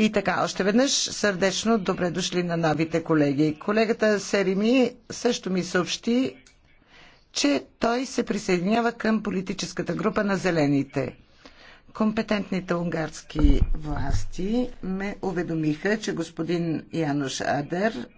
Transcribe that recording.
И така, още веднъж сърдечно добре дошли на новите колеги. Колегата Серими също ми съобщи, че той се присъединява към политическата група на зелените. Компетентните унгарски власти ме уведомиха, че господин Януш Адер